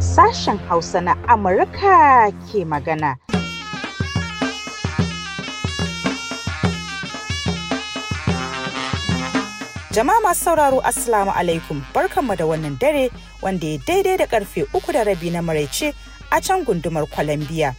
Sashen Hausa na Amurka ke magana. Jama'a masu sauraro Assalamu alaikum barkanmu da wannan dare wanda ya daidai da karfe uku da rabi na maraice a can gundumar kwalambiya,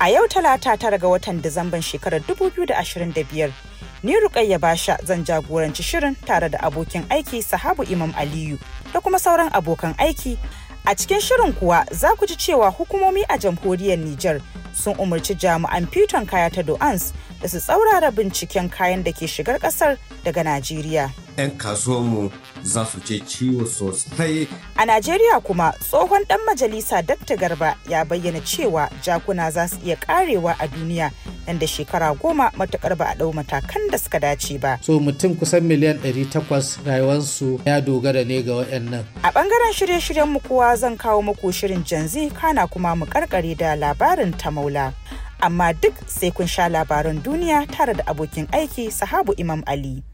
A yau talata tara ga watan Disamban shekarar 2025 Ni Rukayya Basha zan jagoranci shirin tare da abokin aiki Sahabu Imam Aliyu da kuma sauran abokan aiki. A cikin shirin kuwa za ku ji cewa hukumomi a jamhuriyar Nijar sun umarci jami'an fiton kaya ta Do'ans da su tsaurara binciken kayan da ke shigar kasar daga Najeriya. 'Yan kasuwanmu za su ce ciwo sosai. A Najeriya kuma tsohon ɗan majalisa Dakta Garba ya bayyana cewa jakuna za su iya karewa a duniya nan da shekara goma matukar ba a ɗau matakan da suka dace ba. So mutum kusan miliyan 800 rayuwarsu ya dogara ne ga waɗannan. A ɓangaren shirye-shiryen mu kuwa zan kawo muku shirin Janzi kana kuma mu karkare da labarin ta maula. amma duk sai kun sha labaran duniya tare da abokin aiki sahabu Imam Ali.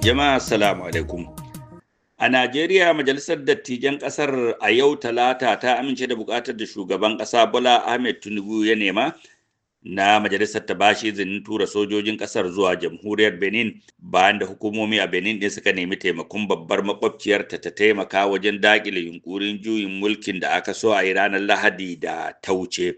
Jama'a salamu alaikum. A Najeriya Majalisar Dattijan Ƙasar a yau Talata ta amince da buƙatar da shugaban ƙasa Bola Ahmed Tinubu ya nema na majalisar ta bashi izinin tura sojojin kasar zuwa jamhuriyar benin bayan da hukumomi a benin ɗin suka nemi taimakon babbar makwabciyarta ta taimaka wajen daƙile yunkurin juyin mulkin da aka so a yi ranar lahadi da ta wuce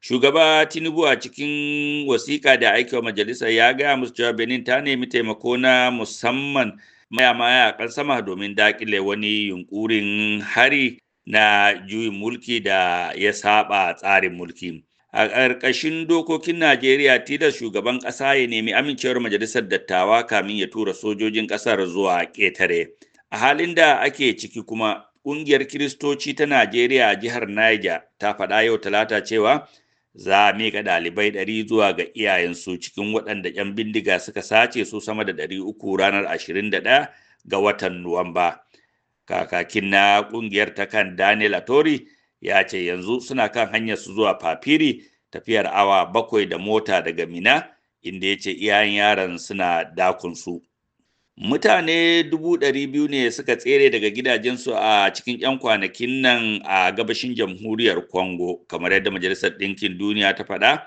shugaba tinubu a cikin wasiƙa da aiki wa majalisar ya gaya musu cewa benin ta nemi taimako na musamman maya-maya a sama domin daƙile wani yunkurin hari na juyin mulki da ya saba tsarin mulki. a ƙarƙashin dokokin najeriya tilas shugaban ƙasa ya nemi amincewar majalisar dattawa kamin ya tura sojojin ƙasar zuwa ƙetare a halin da ake ciki kuma ƙungiyar kiristoci ta najeriya a jihar niger ta faɗa yau talata cewa za a miƙa ɗalibai ɗari zuwa ga iyayensu cikin waɗanda 'yan bindiga suka sace su sama da ɗari uku ranar ashirin da ɗaya ga watan nuwamba kakakin na ƙungiyar ta kan daniel atori ya ce yanzu suna kan hanyar su zuwa papiri tafiyar awa bakwai da mota daga mina inda ya ce iyayen yaran suna dakunsu mutane dubu ɗari biyu ne suka tsere daga gidajensu a cikin 'yan kwanakin nan a gabashin jamhuriyar congo kamar yadda majalisar ɗinkin duniya ta faɗa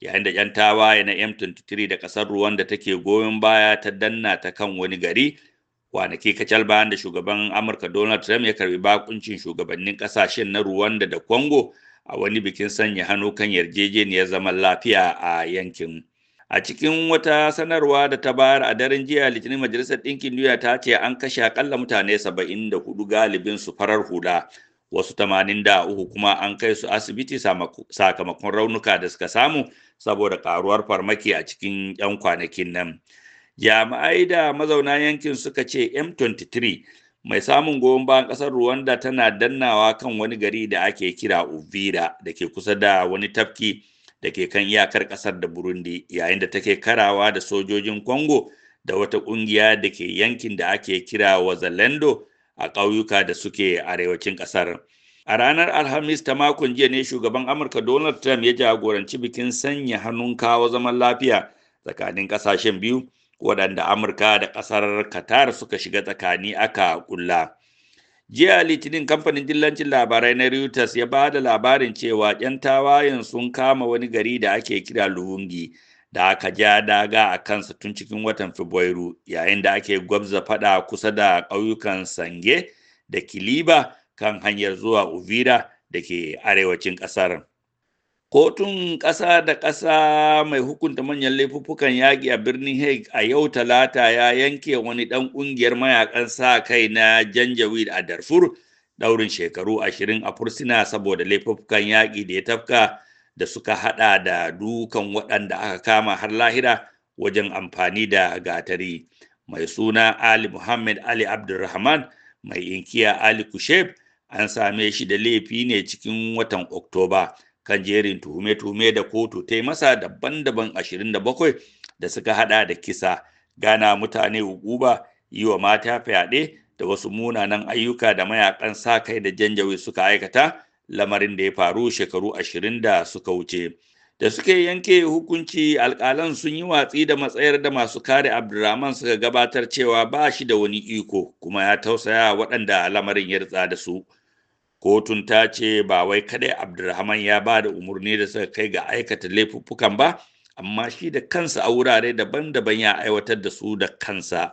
yayin da 'yan tawaye na m23 da ƙasar ruwan da take goyon baya ta danna ta kan wani gari kwanaki kacal bayan da shugaban amurka donald trump ya karbi bakuncin shugabannin ƙasashen na ruwanda da congo a wani bikin sanya hannu kan yarjejeniyar zaman lafiya a yankin. A cikin wata sanarwa da ta bayar a daren jiya Litinin Majalisar Ɗinkin Duniya ta ce an kashe akalla mutane 74 galibin su farar hula, wasu 83 kuma an kai su asibiti sakamakon raunuka da suka samu saboda karuwar farmaki a cikin 'yan kwanakin nan. Jami'ai da mazauna yankin suka ce M23 mai samun goyon bayan ƙasar Rwanda tana dannawa kan wani gari da ake kira Uvira da ke kusa da wani tafki da ke kan iyakar ƙasar da Burundi yayin da take karawa da sojojin Congo da wata ƙungiya da ke yankin da ake kira Wazalendo a ƙauyuka da suke arewacin ƙasar. A ranar Alhamis ta makon jiya ne shugaban Amurka Donald Trump ya jagoranci bikin sanya hannun kawo zaman lafiya tsakanin ƙasashen biyu. waɗanda amurka da ƙasar qatar suka shiga tsakani aka kulla jiya litinin kamfanin dillancin labarai na reuters ya ba da labarin cewa 'yan tawayen sun kama wani gari da ake kira luwungi da aka ja daga a kansa tun cikin watan fabrairu yayin da ake gwabza fada kusa da ƙauyukan sange da kiliba kan hanyar zuwa uvira da ke arewacin ƙasar Kotun ƙasa da ƙasa mai hukunta manyan laifukan yaƙi a birnin Hague a yau talata ya yanke wani ɗan ƙungiyar mayakan sa kai na Janjaweed a Darfur ɗaurin shekaru ashirin a fursuna saboda laifukan yaƙi da ya tafka da suka haɗa da dukan waɗanda aka kama har lahira wajen amfani da gatari. Mai suna Ali Muhammad Ali Abdulrahman mai inkiya Ali Kusheb an same shi da laifi ne cikin watan Oktoba. kan jerin tuhume-tuhume da kotu ta yi masa daban-daban 27 da suka hada da kisa gana mutane uguba, yi wa mata fyaɗe da wasu munanan ayyuka da mayakan sa kai da janjawi suka aikata lamarin da ya faru shekaru ashirin da suka wuce da suke yanke hukunci alƙalan sun yi watsi da matsayar da masu kare Abdurrahman suka gabatar cewa ba shi da wani iko kuma ya tausaya waɗanda lamarin ya da su kotun ta ce ba wai kadai abdulrahman ya ba da umarni da suka kai ga aikata laifuffukan ba amma shi da kansa a wurare daban-daban ya aiwatar da su da kansa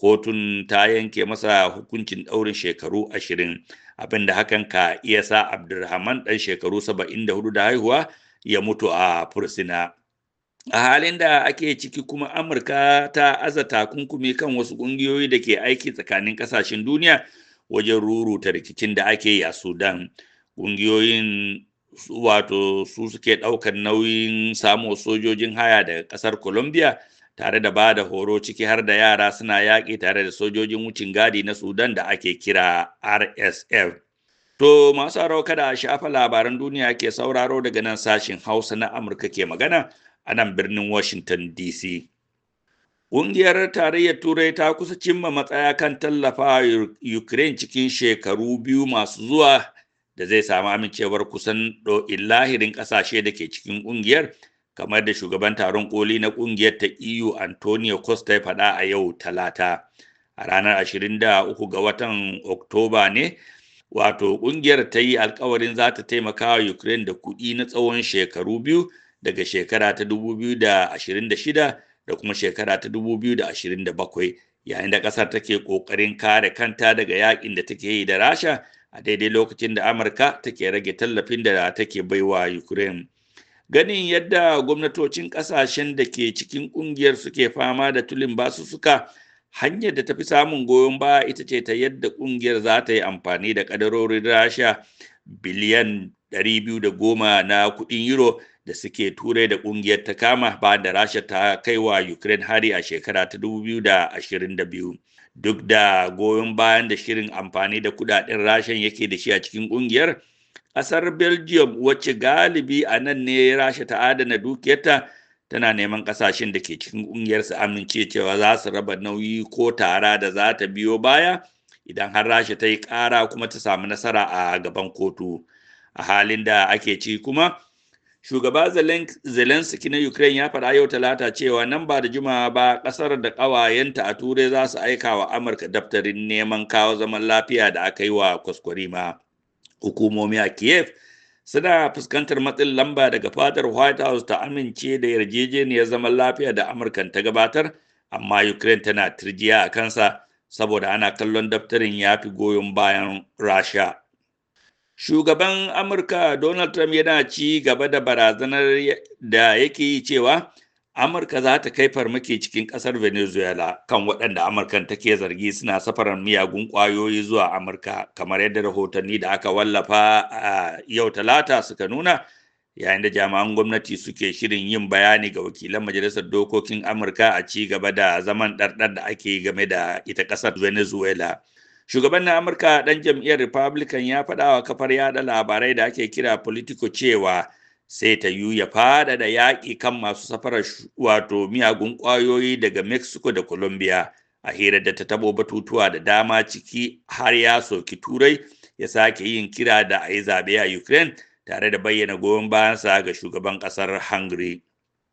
kotun ta yanke masa hukuncin ɗaurin shekaru ashirin abinda hakan ka iya sa abdulrahman ɗan shekaru saba'in da hudu da haihuwa ya mutu a fursina a halin da ake ciki kuma amurka ta aza takunkumi kan wasu ƙungiyoyi da ke aiki tsakanin ƙasashen duniya wajen ruruta rikicin da ake yi a sudan ƙungiyoyin wato su suke ɗaukar nauyin samun sojojin haya daga ƙasar colombia tare da ba da horo ciki har da yara suna yaƙi tare da sojojin wucin gadi na sudan da ake kira rsf to masu aro kada a shafa labaran duniya ke sauraro daga nan sashin hausa na amurka ke magana a nan birnin washington dc Ƙungiyar Tarayyar Turai ta kusa cimma matsaya kan tallafa Ukraine cikin shekaru biyu masu zuwa da zai samu amincewar kusan ɗo'in lahirin ƙasashe da ke cikin ƙungiyar kamar da shugaban taron koli na ƙungiyar ta EU Antonio Costa ya faɗa a yau talata. A ranar 23 ga watan Oktoba ne, wato ƙungiyar ta yi alkawarin za ta taimaka wa Ukraine da kuɗi na tsawon shekaru biyu daga shekara ta 2026 da kuma shekara ta 2027 yayin da ƙasar take ƙoƙarin kare kanta daga yakin da take yi da rasha a daidai lokacin da amurka take rage tallafin da take baiwa ukraine ganin yadda gwamnatocin ƙasashen da ke cikin ƙungiyar suke fama da tulin suka hanyar da tafi samun goyon ba ita ce ta yadda ƙungiyar za ta yi amfani da ƙaddarorin rasha biliyan 210 na kuɗin euro da suke turai da kungiyar ta kama ba da rasha ta kai wa ukraine hari a shekara ta 2022 duk da goyon bayan da shirin amfani da kudaden rashen yake da shi a cikin kungiyar Ƙasar belgium wacce galibi a nan ne rasha ta adana dukiyarta tana neman kasashen da ke cikin kungiyar su amince cewa za su raba nauyi ko tara da za ta biyo baya idan har rasha ta yi kara kuma ta samu nasara a gaban kotu a halin da ake ci kuma shugaba zelensky na ukraine ya faɗa yau talata cewa nan ba da jimawa ba ƙasar da ƙawayenta a turai za su aika wa amurka daftarin neman kawo zaman lafiya da aka yi wa kwaskwarima hukumomi a kiev suna fuskantar matsin lamba daga fatar white house ta amince da yarjejeniyar zaman lafiya da amurkan ta gabatar amma ukraine tana turjiya a kansa saboda ana kallon daftarin ya fi goyon bayan rasha Shugaban Amurka Donald Trump yana ci gaba da barazanar da yake yi cewa Amurka za ta kai farmaki cikin ƙasar Venezuela kan waɗanda Amurkan take zargi suna safarar miyagun ƙwayoyi zuwa Amurka kamar yadda rahotanni da aka wallafa a yau talata suka nuna yayin da jami'an gwamnati suke shirin yin bayani ga wakilan majalisar dokokin Amurka a ci gaba da zaman ɗarɗar da ake game da ita ƙasar Venezuela. Shugaban na Amurka ɗan jam'iyyar Republican ya faɗa wa kafar yada labarai da ake kira politiko cewa sai ta yi ya faɗaɗa yaƙi kan masu safarar wato miyagun ƙwayoyi daga Mexico da Colombia a hirar da ta tabo batutuwa da dama ciki har ya soki Turai ya sake yin kira da a yi zaɓe a Ukraine tare da bayyana goyon bayansa ga shugaban ƙasar Hungary.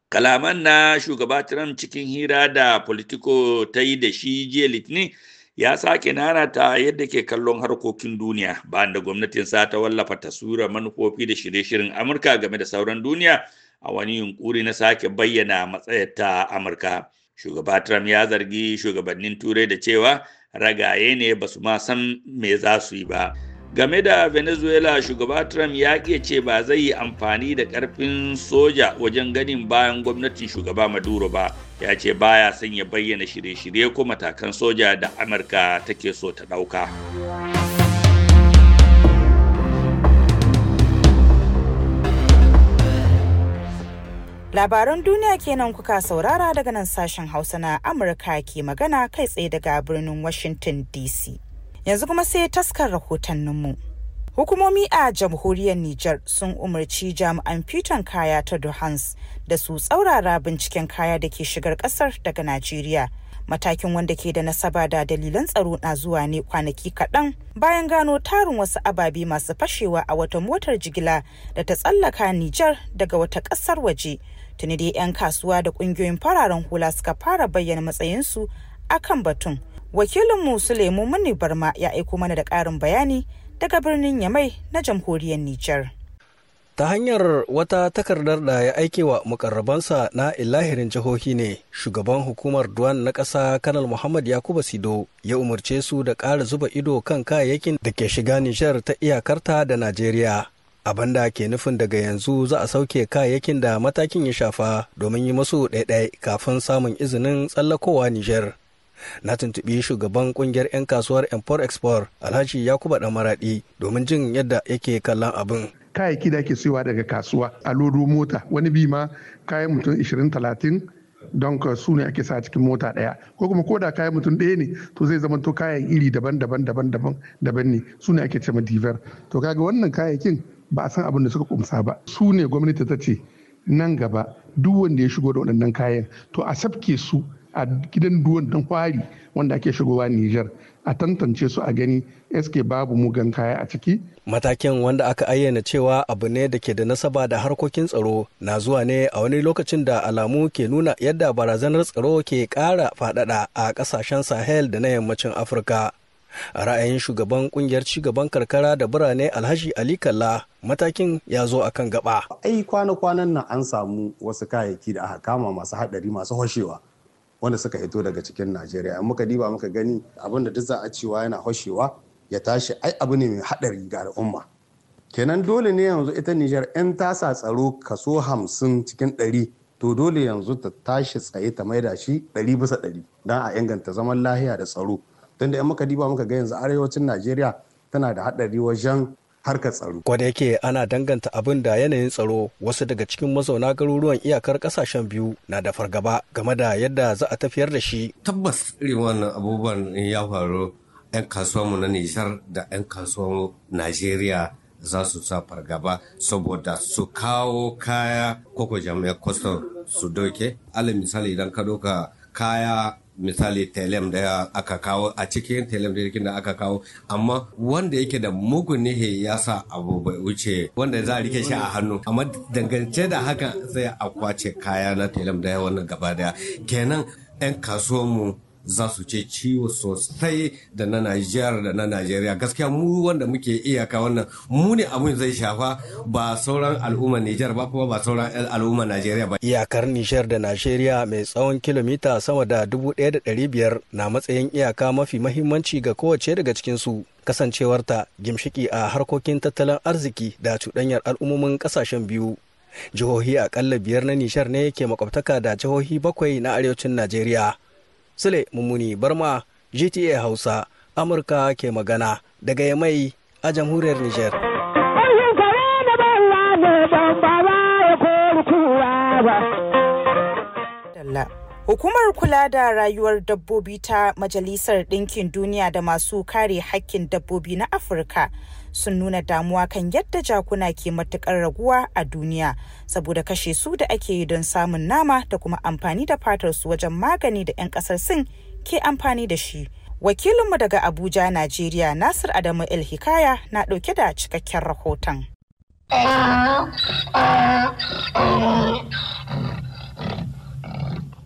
Kalaman na shugaba Trump cikin hira da politiko ta yi da shi jiya Litinin ya sake nana ta yadda ke kallon harkokin duniya bayan da gwamnatin sa ta wallafa taswirar manufofi da shirye-shiryen amurka game da sauran duniya a wani yunkuri na sake bayyana matsayar ta amurka shugaba trump ya zargi shugabannin turai da cewa ragaye ne ba su ma san me za su yi ba game da venezuela shugaba trump ya ke ce ba zai yi amfani da karfin soja wajen ganin bayan gwamnatin shugaba maduro ba ya ce baya son ya bayyana shirye-shirye ko matakan soja da amurka take so ta ɗauka. Labaran duniya kenan kuka saurara daga nan sashen Hausa na Amurka ke magana kai tsaye daga birnin Washington DC. yanzu kuma sai taskar rahotanninmu hukumomi a jamhuriyar niger sun umarci jami'an fiton kaya ta dohans da su tsaurara binciken kaya da ke shigar kasar daga najeriya matakin wanda ke da nasaba da dalilan tsaro na zuwa ne kwanaki kaɗan bayan gano tarin wasu ababe masu fashewa a wata motar jigila da ta tsallaka Nijar daga wata ƙasar waje. Tuni dai 'yan kasuwa da ƙungiyoyin fararen hula suka fara bayyana matsayinsu a kan batun wakilinmu sulemu muni barma ya aiko mana da ƙarin bayani daga birnin yamai na jamhuriyar nijar ta hanyar wata takardar da ya aike wa mukarrabansa na ilahirin jihohi ne shugaban hukumar duwan na ƙasa kanal muhammad yakuba sido ya umarce su da ƙara zuba ido kan kayayyakin da ke shiga nijar ta iyakarta da najeriya abin da ke nufin daga yanzu za a sauke kayayyakin da matakin ya shafa domin yi masu ɗaiɗai kafin samun izinin tsallakowa nijar na tuntuɓi shugaban ƙungiyar 'yan kasuwar import export alhaji yakuba dan maradi domin jin yadda yake kallon abin kayayyaki da ake siyowa daga kasuwa a lodo mota wani bi ma kayan mutum 20-30 don su ne ake sa cikin mota ɗaya ko kuma ko da kayan mutum ɗaya ne to zai zama to kayan iri daban daban daban daban daban ne su ne ake cema diver to kaga wannan kayayyakin ba a san abin da suka kumsa ba su ne gwamnati ta ce nan gaba duk wanda ya shigo da waɗannan kayan to a safke su a gidan duwan dan kwari wanda ake shigowa Nijar a tantance su a gani SK babu mugan kaya a ciki. Matakin wanda aka ayyana cewa abu ne da ke da nasaba da harkokin tsaro na zuwa ne a wani lokacin da alamu ke nuna yadda barazanar tsaro ke ƙara faɗaɗa a ƙasashen Sahel da na yammacin Afirka. A ra'ayin shugaban kungiyar cigaban karkara da birane Alhaji Ali Kalla matakin ya zo akan gaba. Ai kwana-kwanan nan an samu wasu kayayyaki da aka kama masu haɗari masu hoshewa. wanda suka hito daga cikin najeriya in muka diba muka gani abin da duk za a cewa yana hoshewa ya tashi ai abu ne mai haɗari ga al'umma kenan dole ne yanzu ita nijar 'yan tasa tsaro kaso hamsin cikin ɗari to dole yanzu ta tashi tsaye ta maida shi ɗari bisa ɗari don a inganta zaman lahiya da tsaro tunda in muka diba muka ga yanzu arewacin najeriya tana da hadari wajen harkar tsaro. Kwada yake ana danganta abin da yanayin tsaro wasu daga cikin mazauna garuruwan iyakar kasashen biyu na da fargaba game da yadda za a tafiyar da shi. Tabbas irin wannan abubuwan ya faru 'yan kasuwanmu na Nishar da 'yan kasuwar Najeriya za su sa fargaba saboda su kawo kaya koko jami'ar kwastar su doke. Alin misali idan ka doka kaya misali telem da aka kawo a cikin telem da da aka kawo amma wanda yake da mugun nihe ya sa abu bai wuce wanda za a rike shi a hannu amma dangance da haka sai a kwace kaya na telem da wannan gaba daya kenan 'yan mu. za su ce ciwo sosai da na Nijar da na Najeriya gaskiya mu wanda muke iyaka wannan mu ne abin zai shafa ba sauran al'ummar Nijar ba kuma ba sauran al'ummar Najeriya ba iyakar Nijar da Najeriya mai tsawon kilomita sama da 1500 na matsayin iyaka mafi mahimmanci ga kowace daga cikin su kasancewarta gimshiki a harkokin tattalin arziki da cuɗanyar al'ummomin ƙasashen biyu jihohi akalla biyar na nishar ne ke makwabtaka da jihohi bakwai na arewacin najeriya Sule Mummuni Barma GTA Hausa Amurka ke magana daga Yamai a jamhuriyar niger Allah Hukumar kula da rayuwar dabbobi ta Majalisar Ɗinkin Duniya da masu kare hakkin dabbobi na Afirka sun nuna damuwa kan yadda jakuna ke matukar raguwa a duniya saboda kashe su da ake yi don samun nama da kuma amfani da fatar su wajen magani da 'yan ƙasar Sin ke amfani da shi. Wakilinmu daga Abuja, Najeriya, Nasir Adamu El Hikaya na ɗauke da cikakken rahoton.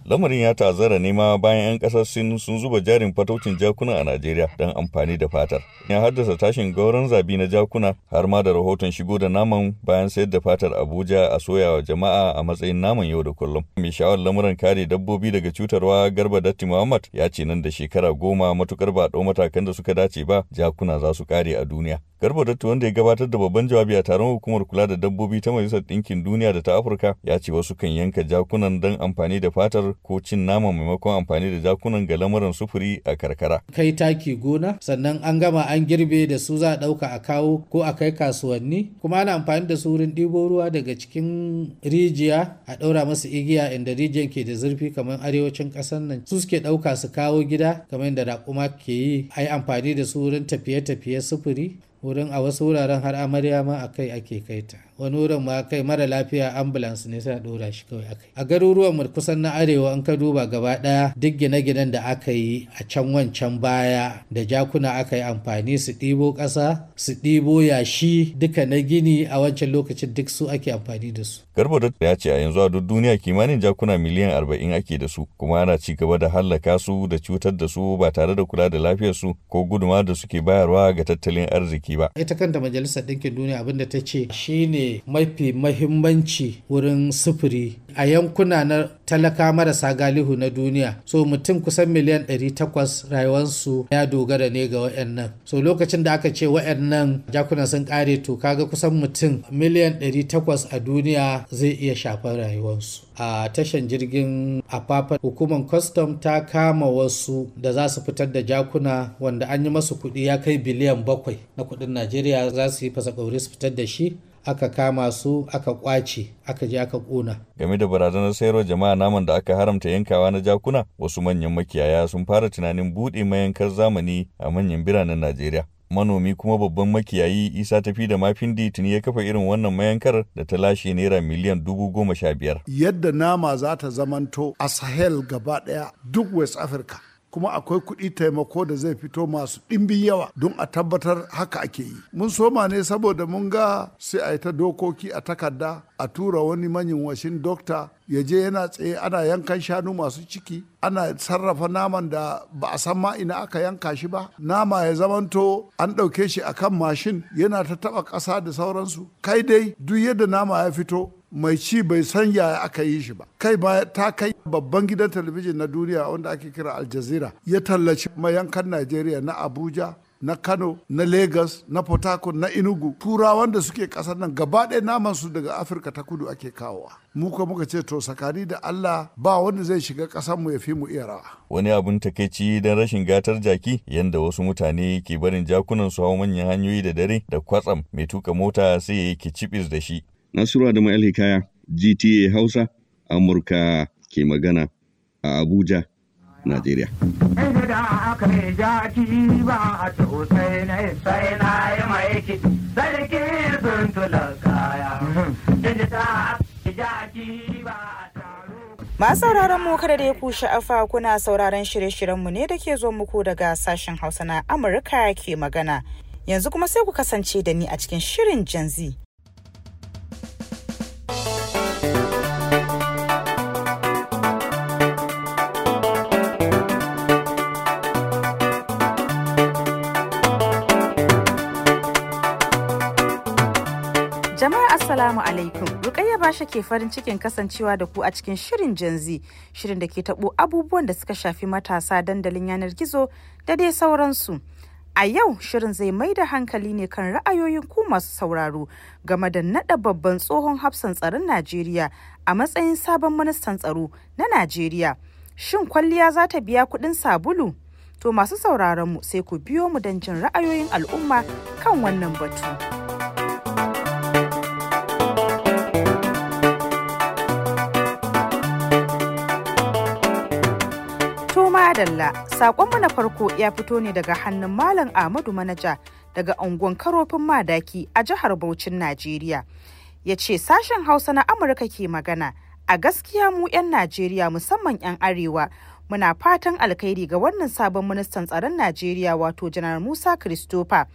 Lamarin ya tazara nema bayan 'yan kasar Sin sun zuba jarin fataucin jakuna a Najeriya don amfani da fatar. Ya haddasa tashin gauran zabi na jakuna har ma da rahoton shigo da naman bayan sayar da fatar Abuja a soyawa jama'a a matsayin naman yau da kullum. Mai shawar lamuran kare dabbobi daga cutarwa Garba Datti Muhammad ya ce nan da shekara goma matukar ba ɗau matakan da suka dace ba jakuna za su kare a duniya. Garba Datti wanda ya gabatar da babban jawabi a taron hukumar kula da dabbobi ta Majalisar Ɗinkin Duniya da ta Afirka ya ce wasu kan yanka jakunan don amfani da fatar ko cin nama maimakon amfani da jakunan ga lamuran sufuri a karkara. Kai taki gona sannan an gama an girbe da su za a ɗauka a kawo ko a kai kasuwanni kuma ana amfani da su wurin ɗibo ruwa daga cikin rijiya a ɗaura masu igiya inda rijiyan ke da zurfi kamar arewacin ƙasar nan su suke ɗauka su kawo gida kamar yadda raƙuma ke yi a yi amfani da su wurin tafiye-tafiye sufuri wurin a wasu wuraren har amarya ma a kai ake kaita. wani wurin ma kai mara lafiya ambulance ne suna dora shi kawai akai a garuruwan mu kusan na arewa an ka duba gaba daya duk gine-ginen da aka yi a can wancan baya da jakuna aka yi amfani su ɗibo ƙasa su ɗibo yashi duka na gini a wancan lokacin duk su ake amfani da su garba da ya ce a yanzu a duk duniya kimanin jakuna miliyan 40 ake da su kuma ana ci gaba da hallaka su da cutar da su ba tare da kula da lafiyar su ko guduma da suke bayarwa ga tattalin arziki ba ita kanta majalisar ɗinkin duniya abinda ta ce shine mafi mahimmanci wurin sufuri a yankuna na talaka marasa galihu na duniya so mutum kusan miliyan 800 rayuwarsu ya dogara ne ga wayannan so lokacin da aka ce wayannan jakuna sun kare to kaga kusan mutum miliyan 800 a duniya zai iya shafar rayuwarsu a tashan jirgin afafa hukumar Custom ta kama wasu da za su fitar da jakuna wanda an yi masu kuɗi ya kai biliyan bakwai na kuɗin najeriya za su yi fasa su fitar da shi aka kama su aka kwace aka je aka kona. Game da barazanar sayarwa jama'a naman da aka haramta yankawa na jakuna wasu manyan makiyaya sun fara tunanin buɗe mayankar zamani a manyan biranen Najeriya. Manomi kuma babban makiyayi Isa tafi da mafindi tuni ya kafa irin wannan mayankar da ta lashe naira miliyan dubu goma sha biyar. Yadda nama za ta zamanto a Sahel gaba ɗaya duk West Africa kuma akwai kuɗi taimako da zai fito masu ɗimbi yawa don a tabbatar haka ake yi mun soma ne saboda mun ga sai a yi ta dokoki a takarda a tura wani manyan washin dokta ya je yana tsaye ana yankan shanu masu ciki ana sarrafa naman da ba a san ma ina aka yanka shi ba nama ya zamanto an ɗauke shi akan mashin yana ta taɓa ƙasa da sauransu kai dai duk yadda nama ya fito mai ci bai san yaya aka yi shi ba kai ba ta kai babban gidan talabijin na duniya wanda ake kira al jazeera ya tallaci mayankan najeriya na abuja na kano na lagos na port na inugu turawan da suke kasar nan gaba ɗaya naman su daga afirka ta kudu ake kawowa mu muka ce to sakari da allah ba wanda zai shiga ƙasar mu ya fi mu iya rawa wani abun takeici don rashin gatar jaki yanda wasu mutane ke barin jakunan su hawa manyan hanyoyi da dare da kwatsam mai tuka mota sai ya yi kicibis da shi Nasiru Adamu Alhikaya, GTA Hausa, Amurka ke magana a Abuja, Najeriya. Masu sauraron mu kada da ya ku sha'afa kuna sauraron shirye-shiryenmu ne da ke zo muku daga sashen Hausa na Amurka ke magana. Yanzu kuma sai ku kasance da ni a cikin shirin Gen Assalamu alaikum. Rukayya Basha ke farin cikin kasancewa da ku a cikin shirin Gen Z, shirin da ke tabo abubuwan da suka shafi matasa dandalin yanar gizo da dai sauransu. A yau shirin zai mai da hankali ne kan ra'ayoyin ku masu sauraro game da naɗa babban tsohon hafsan tsaron Najeriya a matsayin sabon ministan tsaro na Najeriya. Shin kwalliya za ta biya kuɗin sabulu? To masu sauraronmu sai ku biyo mu don jin ra'ayoyin al'umma kan wannan batu. Madalla, saƙonmu na farko ya fito ne daga hannun Malam Ahmadu Manaja daga unguwan Karofin Madaki a jihar Bauchin Najeriya. Ya ce sashen Hausa na Amurka ke magana, a gaskiya mu 'yan Najeriya musamman 'yan Arewa muna fatan alkhairi ga wannan sabon ministan tsaron Najeriya wato Janar Musa Christopher.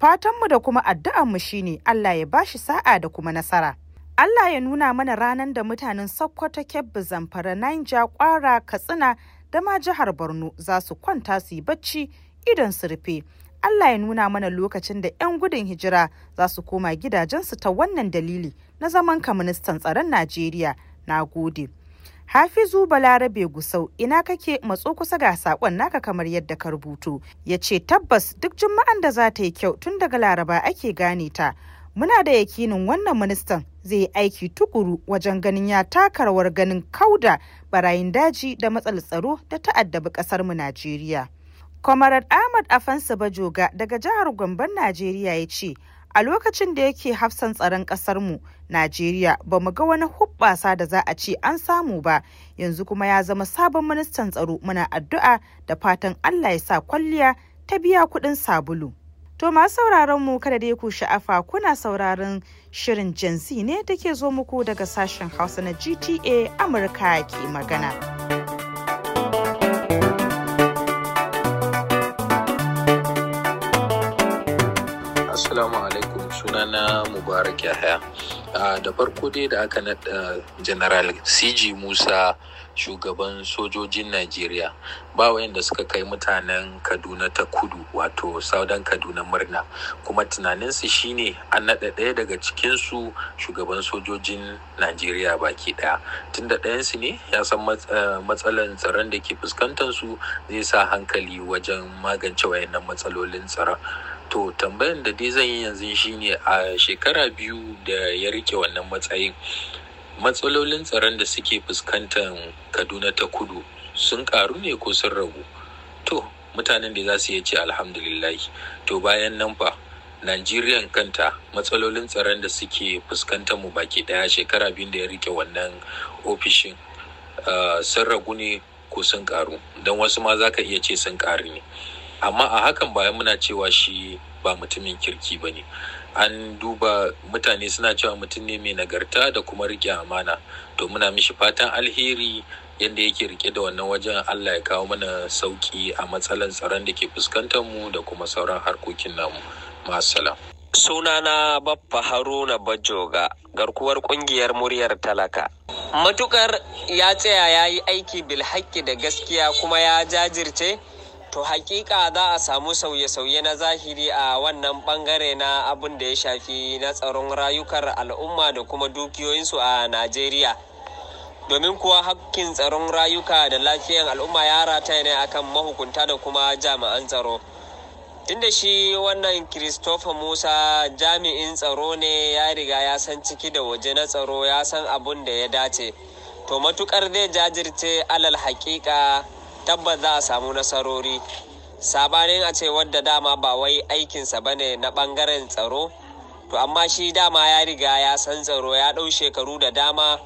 Fatanmu da kuma addu'anmu shine Allah ya bashi sa'a da kuma nasara. Allah ya nuna mana ranar da mutanen Sokoto, Kebbi, Zamfara, Niger, Kwara, Katsina da ma jihar Borno za su kwanta su yi bacci idan su rufe. Allah ya nuna mana lokacin da 'yan gudun hijira za su koma gidajensu ta wannan dalili na zaman kaministan tsaron Najeriya. Na gode. Hafizu Balarabe Gusau ina kake matso kusa ga sakon naka kamar yadda ka rubuto. Ya ce tabbas duk juma'an da za ta yi kyau tun daga Laraba ake gane ta. muna da yakinin wannan ministan zai yi aiki tukuru wajen ganin ya taka rawar ganin kauda barayin daji da matsal tsaro da ta'addabi kasar mu Najeriya. Kwamarar Ahmad Afansa Bajoga daga jihar Gombe Najeriya ya ce a lokacin da yake hafsan tsaron kasar mu Najeriya ba mu ga wani hubbasa da za a ce an samu ba yanzu kuma ya zama sabon ministan tsaro muna addu'a da fatan Allah ya sa kwalliya ta biya kuɗin sabulu. To masu sauraron mu kada dai ku sha'afa kuna sauraron shirin jinsi ne da ke zo muku daga sashen Hausa na GTA Amurka ke magana. Assalamu alaikum sunana Mubarak da farko dai da aka naɗa general cg musa shugaban sojojin najeriya ba wayanda suka kai mutanen kaduna ta kudu wato saudan kaduna murna kuma tunaninsu shine an naɗa ɗaya daga cikinsu shugaban sojojin najeriya baki ɗaya tunda ɗayansu ne ya san eh, matsalan tsaron da ke fuskantar su zai sa hankali wajen magance wayannan matsalolin tsaron to tambayan da dai zan yi yanzu shine a shekara biyu da ya rike wannan matsayin matsalolin tsaron da suke fuskantar kaduna ta kudu sun karu ne ko sun ragu to mutanen da za su iya ce alhamdulillahi to bayan nan fa Najeriya kanta matsalolin tsaron da suke fuskantar mu baki daya shekara biyu da ya rike wannan ofishin ah, sun ragu ne ko sun karu don wasu ma za ka iya ce sun karu ne amma a hakan ba muna cewa shi ba mutumin kirki ba ne an duba mutane suna cewa mutum ne mai nagarta da kuma rike amana to muna mishi fatan alheri yadda yake rike da wannan wajen allah ya kawo mana sauki a matsalan tsaron da ke fuskantar mu da kuma sauran harkokin namu masala sunana baffa haruna bajoga garkuwar kungiyar muryar talaka matukar ya tsaya ya yi aiki bilhaki da gaskiya kuma ya jajirce to hakika za a samu sauye-sauye na zahiri a wannan bangare na abin da ya shafi na tsaron rayukar al'umma da kuma dukiyoyinsu a najeriya domin kuwa hakkin tsaron rayuka da lafiyan al'umma ya rata ne akan mahukunta da kuma jami'an tsaro tunda shi wannan christopher musa jami'in tsaro ne ya riga ya san ciki da waje na tsaro ya san abun da ya dace to matukar zai jajirce alal hakika tabbas za a samu nasarori sabanin a ce wadda dama ba wai aikinsa ba ne na ɓangaren tsaro to amma shi dama ya riga ya san tsaro ya ɗau shekaru da dama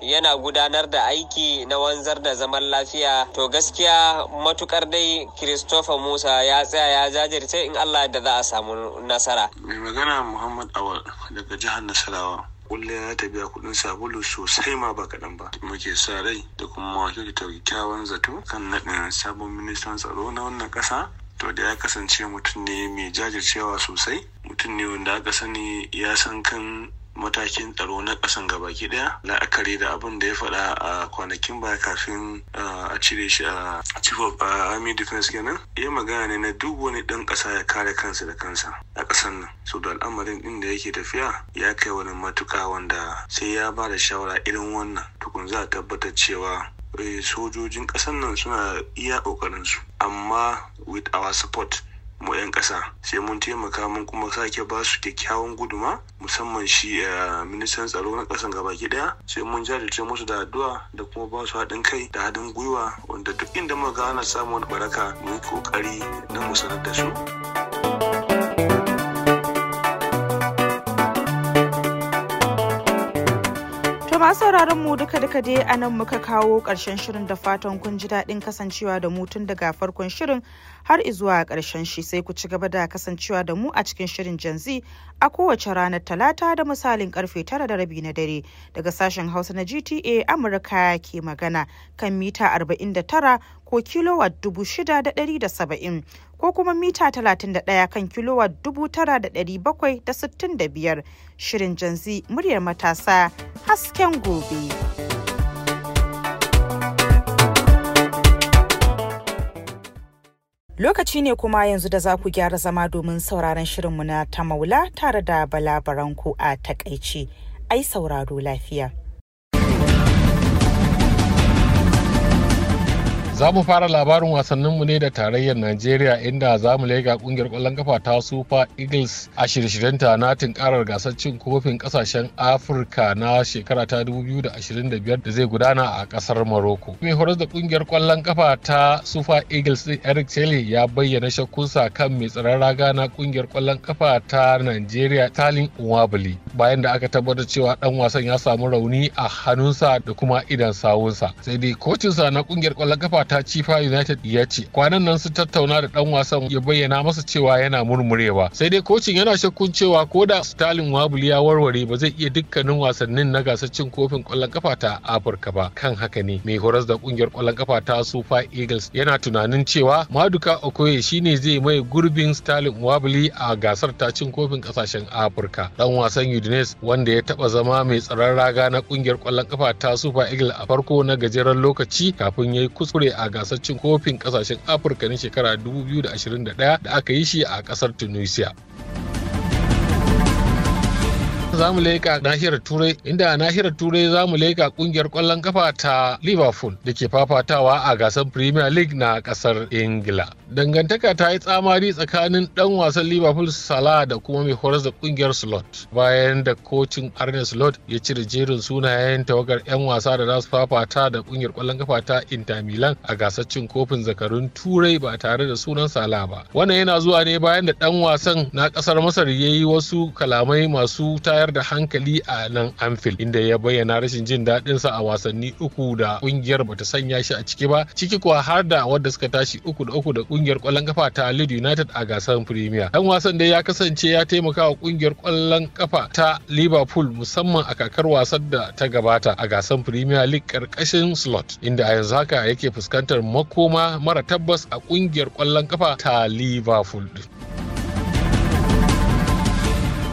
yana gudanar da aiki na wanzar da zaman lafiya to gaskiya matukar dai christopher musa ya tsaya ya jajirce in allah da za a samu nasara mai magana muhammad awal daga jihar nasarawa kullum ya ta biya kuɗin sabulu sosai ma ba kaɗan ba muke sa rai da kuma kyautata kyakkyawan zato kan naɗin sabon ministan tsaro na wannan ƙasa to da ya kasance mutum ne mai jajircewa sosai mutum ne wanda aka sani ya san kan matakin tsaro na ƙasan baki ɗaya la'akari da abin da ya faɗa a kwanakin baya kafin a cire shi a chief of army defense kenan ya magana ne na duk wani ɗan ƙasa ya kare kansa da kansa a ƙasan nan so da al'amarin ɗin da yake tafiya ya kai wani matuƙa wanda sai ya ba da shawara irin wannan tukun za a tabbatar cewa eh, sojojin ƙasan nan suna iya ƙoƙarinsu amma with our support mu 'yan ƙasa sai mun taimaka mun kuma sake ba su kyakkyawan guduma musamman shi eh, ministan tsaro na ƙasan gabaki daya sai mun jajirce musu da addu'a da kuma ba su haɗin kai da haɗin gwiwa wanda duk inda muka gana samun baraka mu yi ƙoƙari na mu sanar da su. masu sauraron mu duka duka dai a nan muka kawo ƙarshen shirin da fatan kun ji daɗin kasancewa da mu tun daga farkon shirin har izuwa karshen shi sai ku ci gaba da kasancewa da mu a cikin shirin Z a kowace ranar talata da misalin karfe tara da rabi na dare daga sashen hausa na gta amurka ke magana kan mita 49 ko kilowatt sabain ko kuma mita 31 kan kilowatt biyar shirin Z muryar matasa hasken gobe. Lokaci ne kuma yanzu da za ku gyara zama domin sauraron shirinmu na ta maula tare da balabaranku a takaici. Ai sauraro lafiya. Za mu fara labarin wasanninmu ne da tarayyar Najeriya inda za mu lega kungiyar ƙwallon kafa ta Super Eagles a shirye-shiryenta na tunkarar gasar cin kofin kasashen Afirka na shekara ta 2025 da zai gudana a ƙasar Morocco. Mai horar da kungiyar kwallon kafa ta Super Eagles din Eric Chele ya bayyana shakkunsa kan mai tsaron raga na kungiyar kwallon kafa ta Najeriya Talin Nwabali bayan da aka tabbatar cewa dan wasan ya samu rauni a hannunsa da kuma idan sawunsa. Sai dai kocinsa na kungiyar ƙwallon kafa gaba ta Chifa United ya ce kwanan nan su tattauna da dan wasan ya bayyana masa cewa yana murmurewa sai dai kocin yana shakkun cewa ko da Stalin Wabuli ya warware ba zai iya dukkanin wasannin na gasar cin kofin kwallon kafa ta Afirka ba kan haka ne mai horas da kungiyar kwallon kafa ta Super Eagles yana tunanin cewa Maduka Okoye shine zai mai gurbin Stalin Wabuli a gasar ta cin kofin kasashen Afirka dan wasan Udinese wanda ya taba zama mai tsaron raga na kungiyar kwallon kafa ta Super Eagles a farko na gajeren lokaci kafin ya yi kuskure a gasar cin kofin kasashen afirka na shekara 2021 da aka yi shi a kasar tunisia za mu leka nahiyar turai inda nahiyar turai za mu leka kungiyar kwallon kafa ta liverpool da ke fafatawa a gasar premier league na kasar ingila dangantaka ta yi tsamari tsakanin dan wasan liverpool salah da kuma mai horar da kungiyar slot bayan da kocin arne slot ya cire jerin sunayen tawagar 'yan wasa da za su fafata da kungiyar kwallon kafa ta inter milan a gasar cin kofin zakarun turai ba tare da sunan salah ba wannan yana zuwa ne bayan da dan wasan na kasar masar ya yi wasu kalamai masu tayar da hankali a nan anfield inda ya bayyana rashin jin daɗinsa a wasanni uku da kungiyar bata sanya shi a ciki ba ciki kuwa har da wadda suka tashi uku da uku da kungiyar kungiyar kwallon kafa ta Leeds United a gasar Premier. Dan wasan da ya kasance ya taimaka wa kungiyar kwallon kafa ta Liverpool musamman a kakar wasan da ta gabata a gasar Premier League karkashin slot inda a yanzu haka yake fuskantar makoma mara tabbas a kungiyar kwallon kafa ta Liverpool.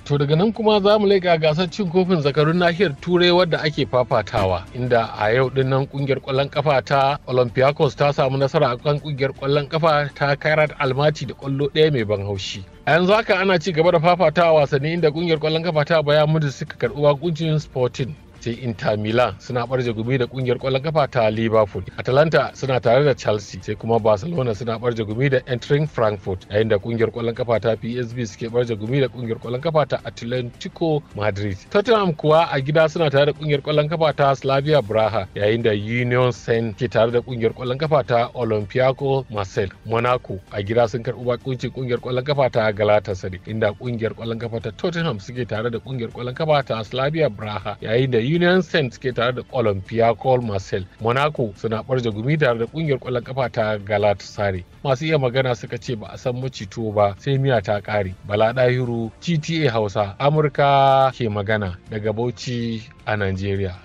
To daga nan kuma za mu leƙa gasar cin kofin zakarun nahiyar Turai wadda ake fafatawa inda a yau din nan kungiyar ƙwallon kafa ta Olympiacos ta samu nasara a kan kungiyar ƙwallon kafa ta Kairat Almati da kwallo ɗaya mai ban haushi. A yanzu haka ana ci gaba da fafatawa wasanni inda kungiyar ƙwallon kafa ta Bayan Munich suka karɓi wakuncin Sporting sai inter milan suna barje gumi da kungiyar kwallon kafa ta liverpool atalanta suna tare da chelsea sai kuma barcelona suna barje gumi da entering frankfurt yayin da kungiyar kwallon kafa ta psv suke barje gumi da kungiyar kwallon kafa ta atlantico madrid tottenham kuwa a gida suna tare da kungiyar kwallon kafa ta slavia braha yayin da union saint ke tare da kungiyar kwallon kafa ta olympiaco marseille monaco a gida sun karbi bakuncin kungiyar kwallon kafa ta galatasaray inda kungiyar kwallon kafa ta tottenham suke tare da kungiyar kwallon kafa ta slavia braha yayin da union saint ke tare da olympiacos marcel monaco suna barja gumi tare da kungiyar kwallon kafa ta sare masu iya magana suka ce ba a san macito ba sai miya ta kare bala dahiru gta hausa amurka ke magana daga bauchi a nigeria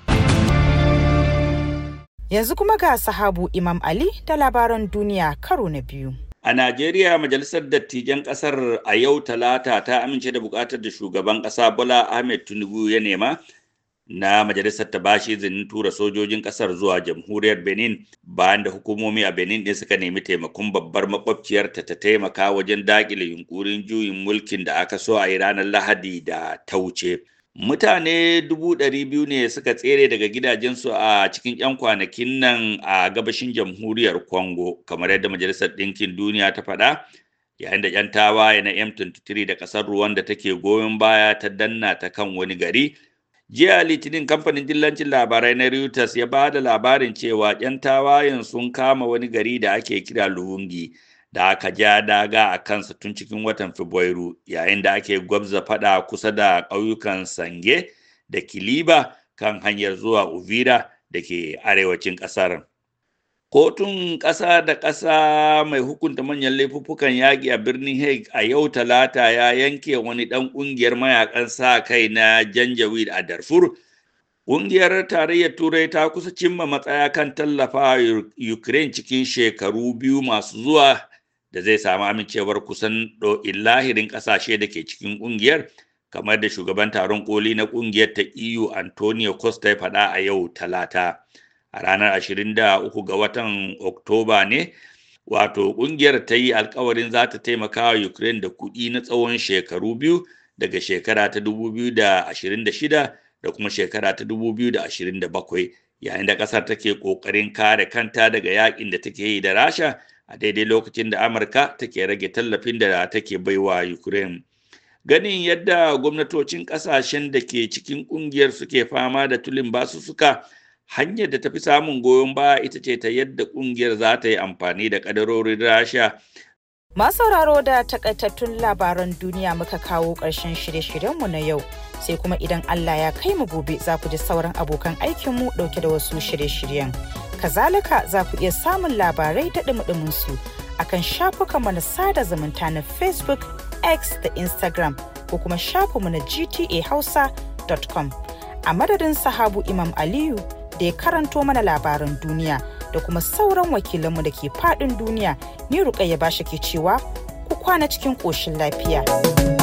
yanzu kuma ga sahabu imam ali ta labaran duniya karo na biyu A Najeriya Majalisar Dattijan Ƙasar a yau Talata ta amince da buƙatar da shugaban ƙasa Bola Ahmed Tinubu ya nema na majalisar ta bashi izinin tura sojojin kasar zuwa jamhuriyar benin bayan da hukumomi a benin ɗin suka nemi taimakon babbar makwabciyarta ta taimaka wajen dakile yunkurin juyin mulkin da aka so a yi ranar lahadi da ta wuce mutane dubu ɗari biyu ne suka tsere daga gidajensu a cikin 'yan kwanakin nan a gabashin jamhuriyar Kongo, kamar yadda majalisar ɗinkin duniya ta faɗa yayin da 'yan tawaye na m23 da ƙasar ruwan da take goyon baya ta danna ta kan wani gari jiya litinin kamfanin dillancin labarai na reuters ya ba da labarin cewa 'yan tawayen sun kama wani gari da ake kira Luhungi da aka ja daga a kansa tun cikin watan fabrairu yayin da ake gwabza fada kusa da ƙauyukan sange da kiliba kan hanyar zuwa uvira da ke arewacin ƙasar Kotun ƙasa da ƙasa mai hukunta manyan laifuffukan yaƙi a birnin Hague a yau talata ya yanke wani ɗan ƙungiyar mayakan sa kai na Janjaweed a Darfur. Ƙungiyar Tarayyar Turai ta kusa cimma matsaya kan tallafa Ukraine cikin shekaru biyu masu zuwa da zai samu amincewar kusan ɗo'in lahirin ƙasashe da ke cikin ƙungiyar kamar da shugaban taron ƙoli na ƙungiyar ta EU Antonio Costa ya faɗa a yau talata. a ranar 23 ga watan oktoba ne wato ƙungiyar ta yi alkawarin za ta taimaka wa ukraine da kuɗi na tsawon shekaru biyu daga shekara ta 2026 da kuma shekara ta 2027 yayin da ƙasar take ƙoƙarin kare kanta daga yaƙin da take yi da rasha a daidai lokacin da amurka take rage tallafin da take baiwa ukraine ganin yadda gwamnatocin ƙasashen da ke cikin ƙungiyar suke fama da tulin basu suka hanyar da tafi samun goyon baya ita ce ta yadda kungiyar za ta yi amfani da kadarorin rasha Masauraro da takaitattun labaran duniya muka kawo ƙarshen shirye-shiryenmu na yau sai kuma idan allah ya kai mu gobe za ku ji sauran abokan aikinmu ɗauke da wasu shirye-shiryen kazalika za ku iya samun labarai da ɗumi su akan shafukanmu na sada zumunta na facebook x da instagram ko kuma mana na gtahausa.com a madadin sahabu imam aliyu da ya karanto mana labaran duniya da kuma sauran wakilanmu da ke faɗin duniya ni ruƙayya shi ke cewa ku kwana cikin ƙoshin lafiya.